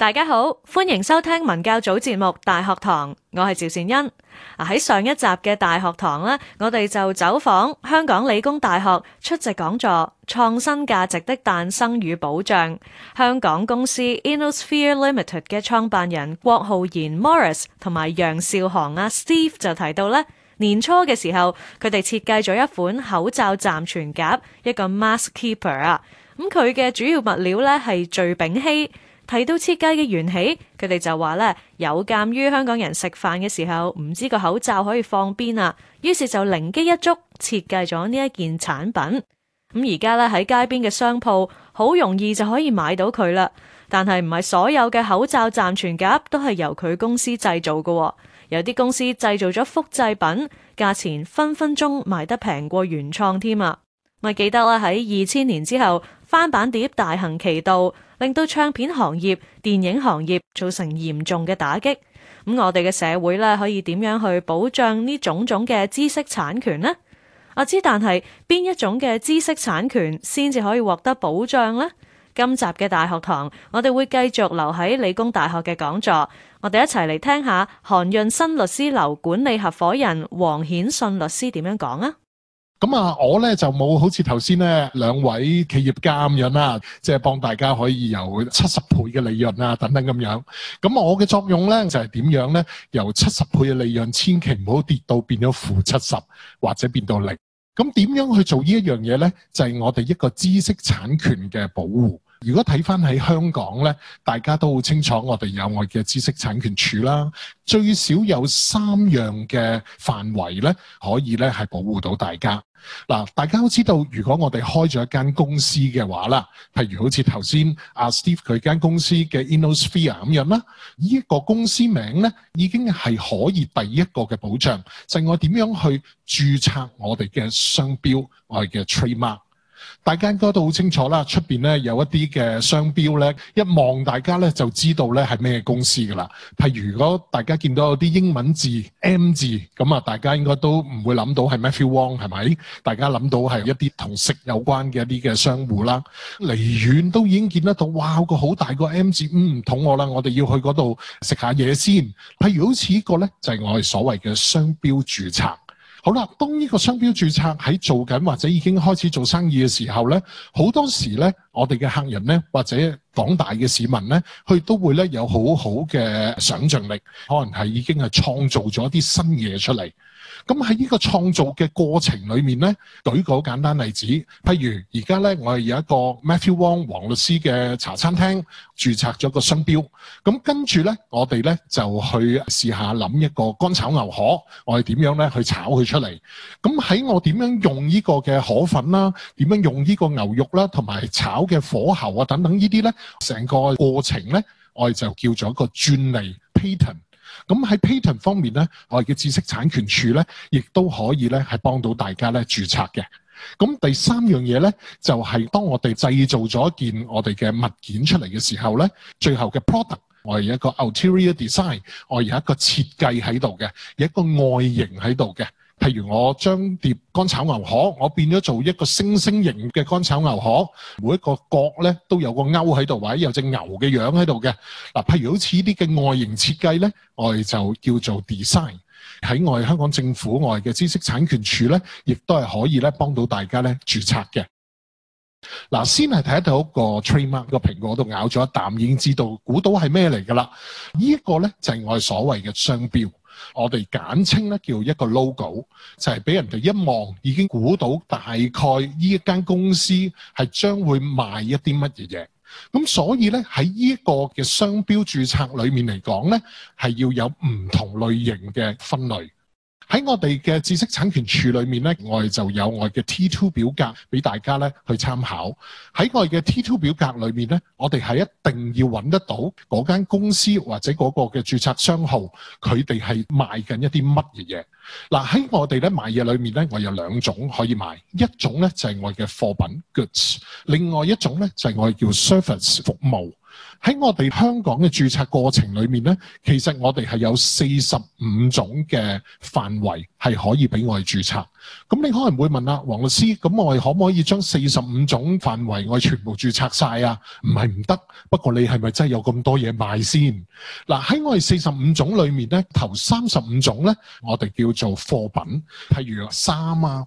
大家好，歡迎收聽文教組節目《大學堂》，我係趙善恩。喺、啊、上一集嘅《大學堂》呢，我哋就走訪香港理工大學出席講座《創新價值的誕生與保障》。香港公司 Inosphere Limited 嘅創辦人郭浩然 Morris 同埋楊少航阿 Steve 就提到咧，年初嘅時候，佢哋設計咗一款口罩暫存夾，一個 Mask Keeper 啊。咁佢嘅主要物料咧係聚丙烯。提到設計嘅緣起，佢哋就話咧有鑑於香港人食飯嘅時候唔知個口罩可以放邊啊，於是就靈機一觸設計咗呢一件產品。咁而家咧喺街邊嘅商鋪好容易就可以買到佢啦。但係唔係所有嘅口罩暫存夾都係由佢公司製造嘅。有啲公司製造咗複製品，價錢分分鐘賣得平過原創添啊！咪記得啦，喺二千年之後，翻版碟大行其道，令到唱片行業、電影行業造成嚴重嘅打擊。咁我哋嘅社會呢，可以點樣去保障呢種種嘅知識產權呢？阿知，但係邊一種嘅知識產權先至可以獲得保障呢？今集嘅大學堂，我哋會繼續留喺理工大學嘅講座，我哋一齊嚟聽下韓潤新律師樓管理合伙人黃顯信律師點樣講啊！咁啊，我咧就冇好似頭先咧兩位企業家咁樣啦，即係幫大家可以由七十倍嘅利潤啊等等咁樣。咁我嘅作用咧就係點樣咧？由七十倍嘅利潤，千祈唔好跌到變咗負七十或者變到零。咁點樣去做呢一樣嘢咧？就係我哋一個知識產權嘅保護。如果睇翻喺香港咧，大家都好清楚，我哋有我嘅知識產權處啦，最少有三樣嘅範圍咧，可以咧係保護到大家。嗱，大家都知道，如果我哋開咗一間公司嘅話啦，譬如好似頭先阿 Steve 佢間公司嘅 InnoSphere、no、咁樣啦，呢、這、一個公司名咧已經係可以第一個嘅保障，就係、是、我點樣去注冊我哋嘅商標，我哋嘅 Trademark。大家應該都好清楚啦，出邊咧有一啲嘅商標咧，一望大家咧就知道咧係咩公司噶啦。譬如如果大家見到有啲英文字 M 字，咁啊大家應該都唔會諗到係 Matthew Wong 係咪？大家諗到係一啲同食有關嘅一啲嘅商戶啦。離遠都已經見得到，哇個好大個 M 字，嗯，唔肚餓啦！我哋要去嗰度食下嘢先。譬如好似呢個咧，就係我哋所謂嘅商標註冊。好啦，當呢個商標註冊喺做緊或者已經開始做生意嘅時候咧，好多時咧，我哋嘅客人咧，或者。廣大嘅市民咧，佢都會咧有好好嘅想像力，可能係已經係創造咗一啲新嘢出嚟。咁喺呢個創造嘅過程裏面咧，舉個好簡單例子，譬如而家咧，我係有一個 Matthew Wong 黃律師嘅茶餐廳註冊咗個商標，咁跟住咧，我哋咧就去試下諗一個乾炒牛河，我係點樣咧去炒佢出嚟？咁喺我點樣用呢個嘅河粉啦，點樣用呢個牛肉啦，同埋炒嘅火候啊等等呢啲咧？成個過程咧，我哋就叫做一個專利 patent。咁喺 patent 方面咧，我哋嘅知識產權處咧，亦都可以咧係幫到大家咧註冊嘅。咁第三樣嘢咧，就係、是、當我哋製造咗件我哋嘅物件出嚟嘅時候咧，最後嘅 product，我哋有一個 exterior design，我有一個設計喺度嘅，有一個外形喺度嘅。譬如我將碟乾炒牛河，我變咗做一個星星形嘅乾炒牛河，每一個角咧都有個勾喺度，或者有隻牛嘅樣喺度嘅。嗱，譬如好似呢啲嘅外形設計咧，我哋就叫做 design。喺我哋香港政府外嘅知識產權處咧，亦都係可以咧幫到大家咧註冊嘅。嗱，先係睇到個 trademark 個蘋果度咬咗一啖，已經知道估到係咩嚟噶啦。呢一個咧就係我哋所謂嘅商標。我哋簡稱咧叫一個 logo，就係俾人哋一望已經估到大概呢一間公司係將會賣一啲乜嘢嘢。咁所以咧喺呢一個嘅商標註冊裡面嚟講咧，係要有唔同類型嘅分類。喺我哋嘅知識產權處裏面咧，我哋就有我嘅 T2 表格俾大家咧去參考。喺我嘅 T2 表格裏面咧，我哋係一定要揾得到嗰間公司或者嗰個嘅註冊商號，佢哋係賣緊一啲乜嘢嘢。嗱，喺我哋咧賣嘢裏面咧，我有兩種可以賣，一種咧就係我嘅貨品 goods，另外一種咧就係我哋叫 service 服務。喺我哋香港嘅註冊過程裏面呢，其實我哋係有四十五種嘅範圍係可以俾我哋註冊。咁你可能會問啊，黃律師，咁我哋可唔可以將四十五種範圍我哋全部註冊晒啊？唔係唔得，不過你係咪真係有咁多嘢賣先？嗱，喺我哋四十五種裏面呢，頭三十五種呢，我哋叫做貨品，譬如話衫啊。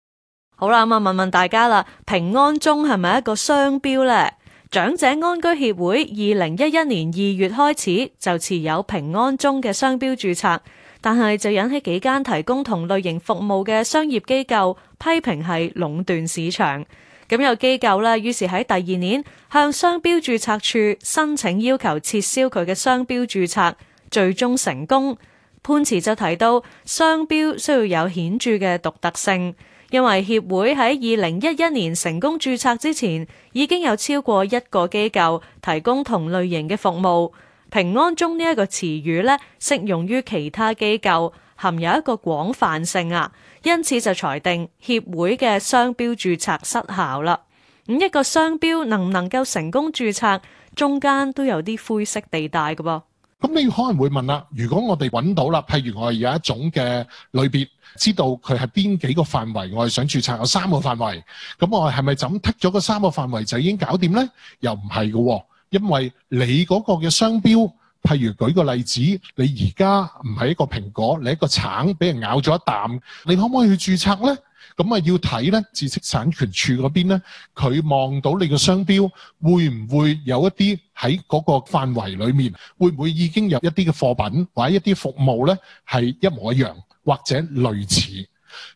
好啦，咁啊，問問大家啦，平安鐘係咪一個商標咧？長者安居協會二零一一年二月開始就持有平安鐘嘅商標註冊，但係就引起幾間提供同類型服務嘅商業機構批評係壟斷市場。咁有機構咧，於是喺第二年向商標註冊處申請要求撤銷佢嘅商標註冊，最終成功。判詞就提到商標需要有顯著嘅獨特性。因為協會喺二零一一年成功註冊之前，已經有超過一個機構提供同類型嘅服務。平安中呢一個詞語呢，適用於其他機構，含有一個廣泛性啊，因此就裁定協會嘅商標註冊失效啦。咁一個商標能唔能夠成功註冊，中間都有啲灰色地帶嘅噃、啊。咁你可能會問啦，如果我哋揾到啦，譬如我係有一種嘅類別，知道佢係邊幾個範圍，我係想註冊有三個範圍，咁我係咪就咁剔咗個三個範圍就已經搞掂呢？又唔係嘅喎，因為你嗰個嘅商標，譬如舉個例子，你而家唔係一個蘋果，你一個橙俾人咬咗一啖，你可唔可以去註冊呢？咁啊，要睇咧，知識產權處嗰邊咧，佢望到你個商標會唔會有一啲喺嗰個範圍裏面，會唔會已經有一啲嘅貨品或者一啲服務咧係一模一樣或者類似？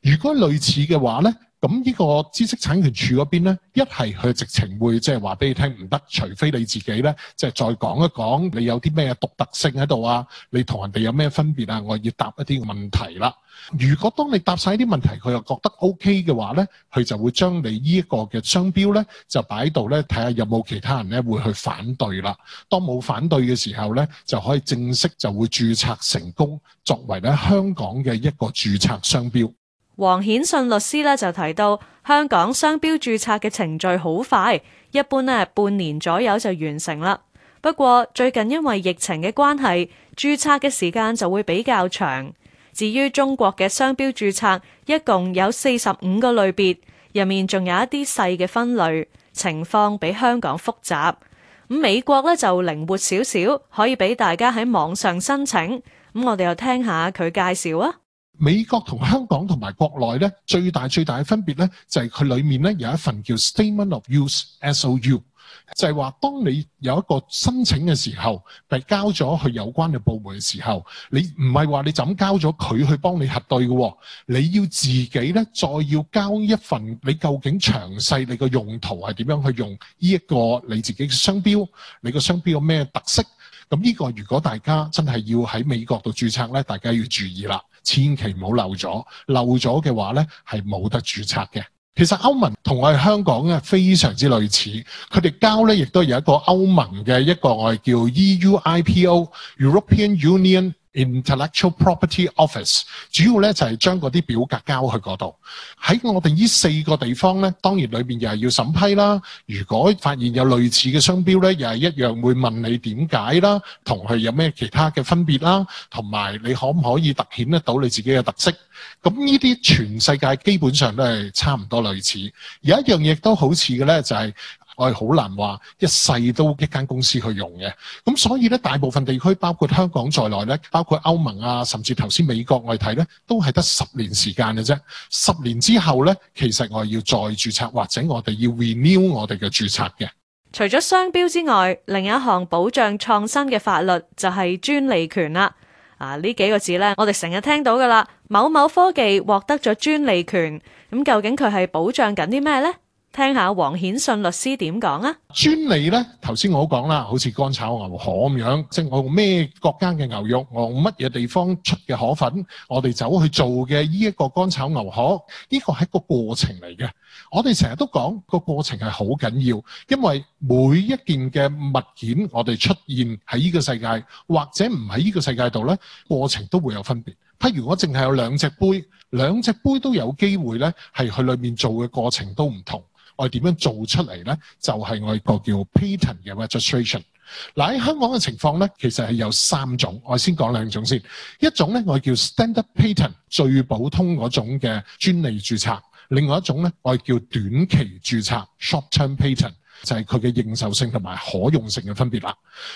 如果類似嘅話咧。咁呢個知識產權署嗰邊咧，一係佢直情會即係話俾你聽唔得，除非你自己咧，即係再講一講你有啲咩獨特性喺度啊，你同人哋有咩分別啊，我要答一啲問題啦。如果當你答晒啲問題，佢又覺得 OK 嘅話咧，佢就會將你呢個嘅商標咧就擺喺度咧睇下有冇其他人咧會去反對啦。當冇反對嘅時候咧，就可以正式就會註冊成功，作為咧香港嘅一個註冊商標。黃顯信律師呢就提到，香港商標註冊嘅程序好快，一般呢半年左右就完成啦。不過最近因為疫情嘅關係，註冊嘅時間就會比較長。至於中國嘅商標註冊，一共有四十五個類別，入面仲有一啲細嘅分類，情況比香港複雜。咁美國呢就靈活少少，可以俾大家喺網上申請。咁我哋又聽下佢介紹啊。美國同香港同埋國內咧，最大最大嘅分別咧，就係佢裡面咧有一份叫 Statement of Use（SOU），就係話當你有一個申請嘅時候，係交咗去有關嘅部門嘅時候，你唔係話你就咁交咗佢去幫你核對嘅喎，你要自己咧再要交一份你究竟詳細你個用途係點樣去用呢一個你自己嘅商標，你個商標有咩特色？咁呢個如果大家真係要喺美國度註冊咧，大家要注意啦。千祈唔好漏咗，漏咗嘅話咧係冇得註冊嘅。其實歐盟同我哋香港嘅非常之類似，佢哋交咧亦都有一個歐盟嘅一個外叫 EUIPO European Union。Intellectual Property Office 主要咧就係將嗰啲表格交去嗰度。喺我哋呢四個地方咧，當然裏邊又係要審批啦。如果發現有類似嘅商標咧，又係一樣會問你點解啦，同佢有咩其他嘅分別啦，同埋你可唔可以突顯得到你自己嘅特色。咁呢啲全世界基本上都係差唔多類似。有一樣嘢都好似嘅咧，就係。我係好難話一世都一間公司去用嘅，咁所以咧，大部分地區包括香港在內咧，包括歐盟啊，甚至頭先美國外睇咧，都係得十年時間嘅啫。十年之後咧，其實我哋要再註冊或者我哋要 renew 我哋嘅註冊嘅。除咗商標之外，另一項保障創新嘅法律就係專利權啦。啊，呢幾個字咧，我哋成日聽到噶啦。某某科技獲得咗專利權，咁究竟佢係保障緊啲咩咧？聽下黃顯信律師點講啊？專利咧，頭先我都講啦，好似乾炒牛河咁樣，即係我用咩國家嘅牛肉，我用乜嘢地方出嘅河粉，我哋走去做嘅呢一個乾炒牛河，呢個係一個過程嚟嘅。我哋成日都講個過程係好緊要，因為每一件嘅物件，我哋出現喺呢個世界或者唔喺呢個世界度咧，過程都會有分別。譬如我淨係有兩隻杯，兩隻杯都有機會咧，係去裏面做嘅過程都唔同。我哋點樣做出嚟咧？就係、是、外國叫 patent 嘅 registration。嗱、呃、喺香港嘅情況咧，其實係有三種。我先講兩種先。一種咧我叫 standard patent，最普通嗰種嘅專利註冊，另外一種咧我叫短期註冊 short-term patent，就係佢嘅認受性同埋可用性嘅分別啦。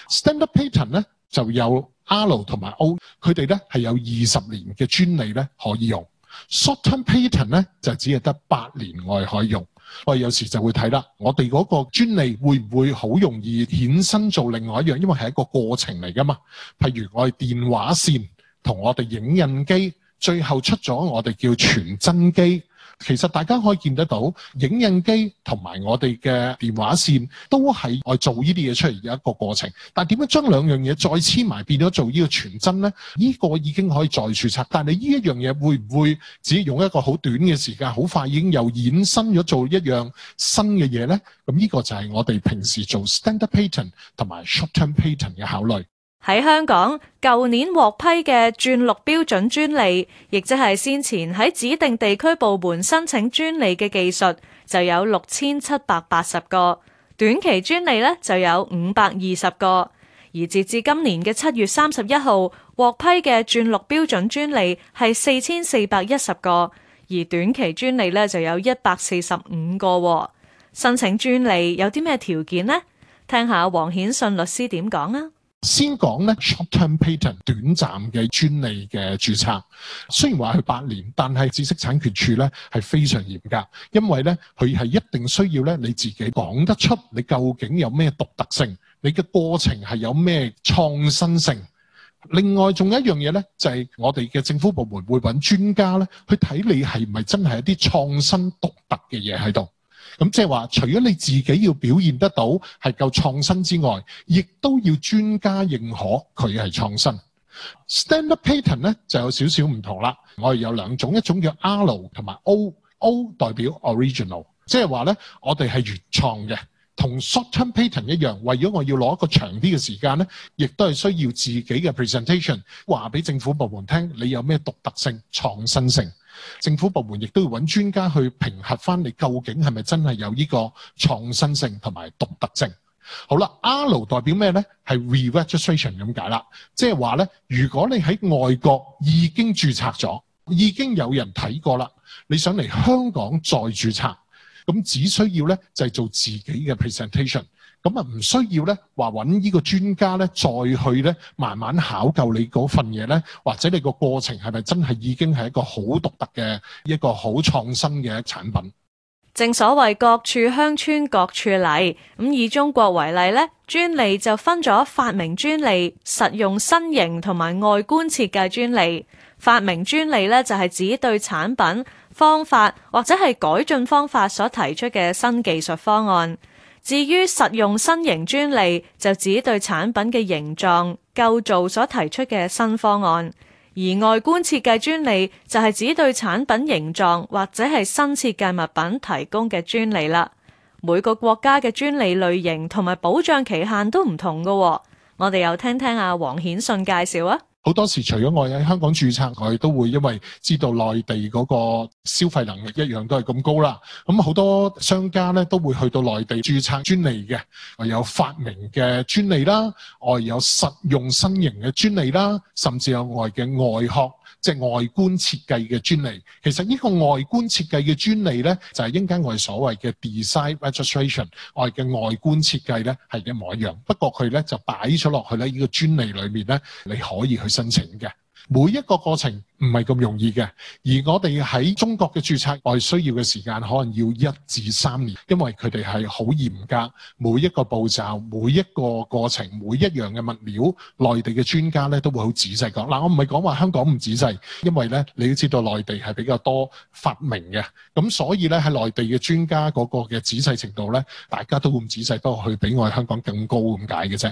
standard patent 咧就有 R 同埋 O，佢哋咧係有二十年嘅專利咧可以用。short-term patent 咧就只係得八年外可以用。我哋有時就會睇啦，我哋嗰個專利會唔會好容易衍生做另外一樣？因為係一個過程嚟噶嘛。譬如我哋電話線同我哋影印機，最後出咗我哋叫傳真機。其實大家可以見得到影印機同埋我哋嘅電話線都係愛做呢啲嘢出嚟嘅一個過程，但係點樣將兩樣嘢再黐埋變咗做呢個傳真咧？呢、這個已經可以再註冊，但係呢一樣嘢會唔會只用一個好短嘅時間，好快已經又衍生咗做一樣新嘅嘢咧？咁、這、呢個就係我哋平時做 standard patent 同埋 short term patent 嘅考慮。喺香港，舊年獲批嘅轉錄標準專利，亦即係先前喺指定地區部門申請專利嘅技術，就有六千七百八十個，短期專利呢，就有五百二十個。而截至今年嘅七月三十一號獲批嘅轉錄標準專利係四千四百一十個，而短期專利呢，就有一百四十五個。申請專利有啲咩條件呢？聽下黃顯信律師點講啊！先講咧，short-term patent 短暫嘅專利嘅註冊，雖然話佢八年，但係知識產權處咧係非常嚴格，因為咧佢係一定需要咧你自己講得出你究竟有咩獨特性，你嘅過程係有咩創新性。另外仲有一樣嘢咧，就係、是、我哋嘅政府部門會揾專家咧去睇你係唔係真係一啲創新獨特嘅嘢喺度。咁即係話，除咗你自己要表現得到係夠創新之外，亦都要專家認可佢係創新。Standard Patent 咧就有少少唔同啦，我哋有兩種，一種叫 R 同埋 O，O 代表 Original，即係話咧，我哋係原創嘅。同 short-term patent 一樣，為咗我要攞一個長啲嘅時間咧，亦都係需要自己嘅 presentation 話俾政府部門聽你有咩獨特性、創新性。政府部門亦都要搵專家去評核返你究竟係咪真係有呢個創新性同埋獨特性。好啦，R、L 代表咩咧？係 re-registration 咁解啦，即係話咧，如果你喺外國已經註冊咗，已經有人睇過啦，你想嚟香港再註冊。咁只需要咧就係做自己嘅 presentation，咁啊唔需要咧話揾呢個專家咧再去咧慢慢考究你嗰份嘢咧，或者你個過程係咪真係已經係一個好獨特嘅一個好創新嘅產品？正所謂各處鄉村各處例，咁以中國為例咧，專利就分咗發明專利、實用新型同埋外觀設計專利。發明專利咧就係指對產品。方法或者係改進方法所提出嘅新技術方案，至於實用新型專利就指對產品嘅形狀構造所提出嘅新方案，而外觀設計專利就係、是、指對產品形狀或者係新設計物品提供嘅專利啦。每個國家嘅專利類型同埋保障期限都唔同噶，我哋又聽聽阿黃顯信介紹啊。好多時，除咗我喺香港註冊，我都會因為知道內地嗰個消費能力一樣都係咁高啦。咁好多商家呢都會去到內地註冊專利嘅，我有發明嘅專利啦，我有實用新型嘅專利啦，甚至有外嘅外殼。即係外觀設計嘅專利，其實呢個外觀設計嘅專利咧，就係應該我哋所謂嘅 design registration，我哋嘅外觀設計咧係一模一樣，不過佢咧就擺咗落去咧呢個專利裏面咧，你可以去申請嘅。每一個過程唔係咁容易嘅，而我哋喺中國嘅註冊外需要嘅時間可能要一至三年，因為佢哋係好嚴格，每一個步驟、每一個過程、每一樣嘅物料，內地嘅專家咧都會好仔細講。嗱，我唔係講話香港唔仔細，因為咧你都知道內地係比較多發明嘅，咁所以咧喺內地嘅專家嗰個嘅仔細程度咧，大家都會咁仔細，不過佢比我哋香港更高咁解嘅啫。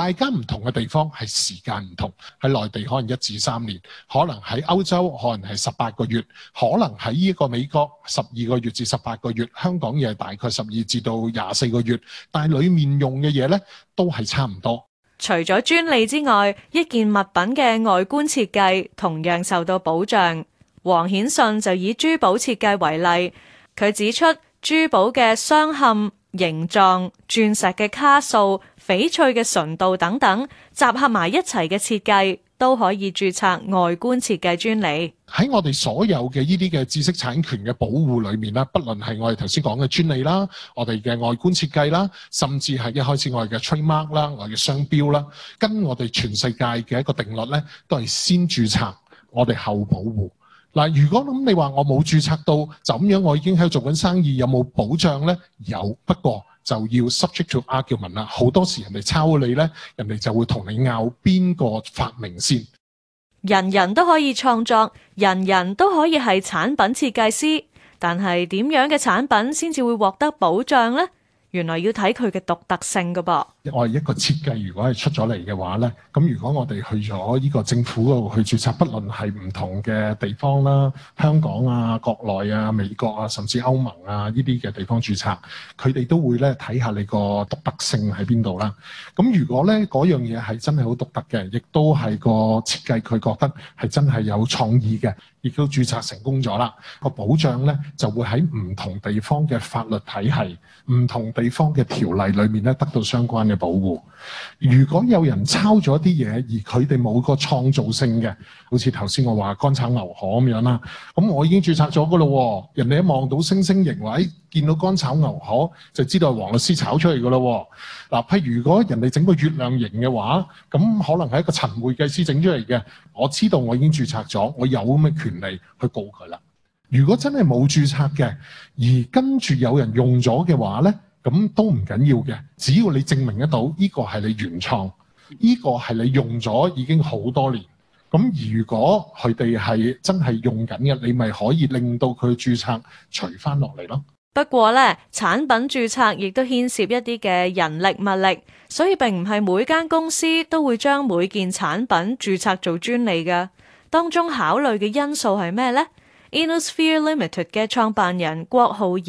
大家唔同嘅地方係時間唔同，喺內地可能一至三年，可能喺歐洲可能係十八個月，可能喺呢個美國十二個月至十八個月，香港嘢大概十二至到廿四個月，但係裏面用嘅嘢咧都係差唔多。除咗專利之外，一件物品嘅外觀設計同樣受到保障。黃顯信就以珠寶設計為例，佢指出珠寶嘅鑲嵌、形狀、鑽石嘅卡數、翡翠嘅純度等等，集合埋一齊嘅設計都可以注冊外觀設計專利。喺我哋所有嘅呢啲嘅知識產權嘅保護裏面咧，不論係我哋頭先講嘅專利啦，我哋嘅外觀設計啦，甚至係一開始我哋嘅 trademark 啦，我哋嘅商標啦，跟我哋全世界嘅一個定律咧，都係先注冊，我哋後保護。嗱，如果咁你話我冇註冊到，就咁樣我已經喺度做緊生意，有冇保障呢？有，不過就要 subject to argument 啦。好多時人哋抄你呢，人哋就會同你拗邊個發明先。人人都可以創作，人人都可以係產品設計師，但係點樣嘅產品先至會獲得保障呢？原來要睇佢嘅獨特性噶噃。我一個設計，如果係出咗嚟嘅話呢，咁如果我哋去咗呢個政府度去註冊，不論係唔同嘅地方啦、香港啊、國內啊、美國啊，甚至歐盟啊呢啲嘅地方註冊，佢哋都會呢睇下你個獨特性喺邊度啦。咁如果呢嗰樣嘢係真係好獨特嘅，亦都係個設計佢覺得係真係有創意嘅，亦都註冊成功咗啦。個保障呢就會喺唔同地方嘅法律體系、唔同地方嘅條例裏面呢得到相關嘅保護，如果有人抄咗啲嘢而佢哋冇個創造性嘅，好似頭先我話乾炒牛河咁樣啦，咁我已經註冊咗㗎喇喎，人哋一望到星星形或見到乾炒牛河就知道係黃律師炒出嚟㗎喇喎。嗱，譬如如果人哋整個月亮形嘅話，咁可能係一個陳會計師整出嚟嘅，我知道我已經註冊咗，我有咁嘅權利去告佢啦。如果真係冇註冊嘅，而跟住有人用咗嘅話咧？咁都唔緊要嘅，只要你證明得到呢個係你原創，呢個係你用咗已經好多年。咁如果佢哋係真係用緊嘅，你咪可以令到佢註冊除返落嚟咯。不過咧，產品註冊亦都牽涉一啲嘅人力物力，所以並唔係每間公司都會將每件產品註冊做專利嘅。當中考慮嘅因素係咩呢？Inosphere Limited 嘅創辦人郭浩業。